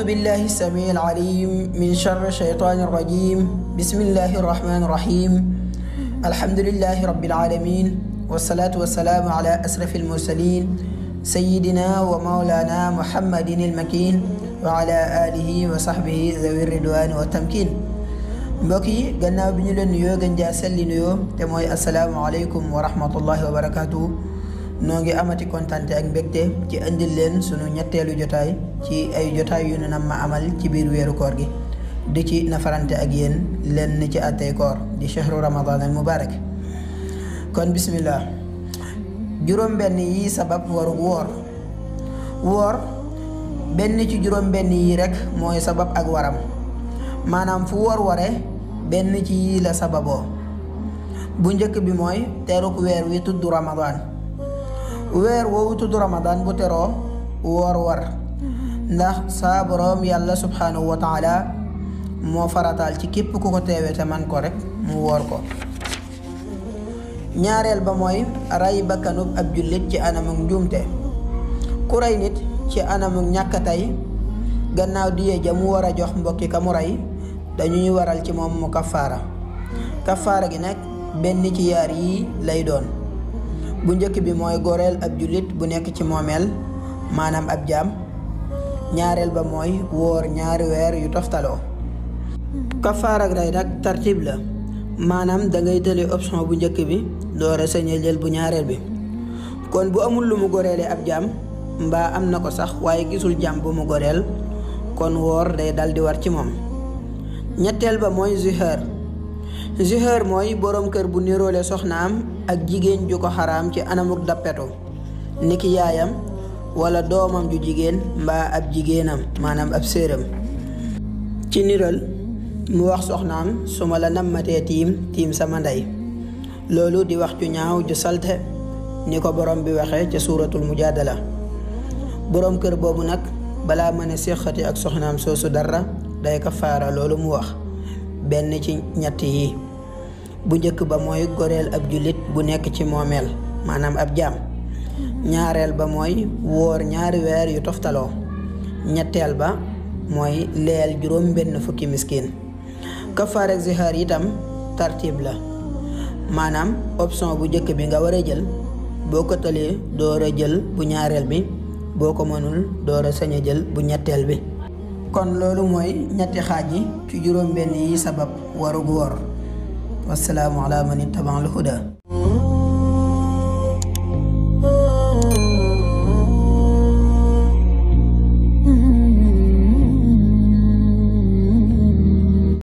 أعوذ بالله السميع العليم من شر الشيطان الرجيم بسم الله الرحمن الرحيم الحمد لله رب العالمين والصلاة والسلام على أسرف المرسلين سيدنا ومولانا محمد المكين وعلى آله وصحبه ذوي الرضوان والتمكين mbokk قلنا gannaaw bi ñu leen nuyoo gën jaa selli nuyoo te noo ngi amati kontante ak mbégte ci indil leen sunu ñetteelu jotaay ci ay jotaay yu nu namm amal ci biir weeru koor gi di ci nafarante ak len lenn ci àttey koor di chahru ramadan al mubarak kon bismillah juróom benn yi sabab waru woor woor benn ci juróom benn yi rek mooy sabab ak waram maanaam fu woor ware benn ci yi la sababoo bu njëkk bi mooy teeruk weer wi tudd ramadan weer woowu tudd ramadaan bu teroo woor war ndax saa yàlla subhaanahu wa moo farataal ci képp ku ko teewee te man ko rek mu woor ko ñaareel ba mooy rey bakkanub ab jullit ci anamuk njuumte ku rey nit ci anamu ñàkk gannaaw di ja mu war a jox mbokki ka mu rey dañuy waral ci moom mu kafaara kafaara gi nag benn ci yaar yi lay doon bu njëkk bi mooy goreel ab jullit bu nekk ci moomeel maanaam ab jàmm ñaareel ba mooy wóor ñaari weer yu toftaloo kafaar ak rey tartib la maanaam dangay tëli option bu njëkk bi doora sañe bu ñaareel bi kon bu amul lumu mu goreele ab jaam mbaa am na ko sax waaye gisul jaam bu mu goreel kon wóor day dal di war ci moom ñetteel ba mooy zuhër zihar mooy boroom kër bu niroole soxnaam ak jigéen ju ko xaraam ci anamuk dappetu niki yaayam wala doomam ju jigéen mbaa ab jigéenam maanaam ab séeram ci niral mu wax soxnaam su ma la nammatee tiim tiim sama ndey loolu di wax ju ñaaw ju salte ni ko borom bi waxee ca suuratul mujaadala boroom kër boobu nag balaa mën a séqati ak soxnaam soosu dara day kafaara loolu mu wax benn ci ñett yi bu njëkk ba mooy goreel ab julit bu nekk ci moomeel maanaam ab jaam ñaareel ba mooy woor ñaari weer yu toftaloo ñetteel ba mooy leel juróom benn fukki miskin kafaar ak zihar itam tartib la maanaam option bu njëkk bi nga war a jël boo ko tëlee door a jël bu ñaareel bi boo ko mënul door a sañ a jël bu ñetteel bi kon loolu mooy ñetti xaaj yi ci juróom benn yi sabab waru gu wor wassalaamu ala man ittabaal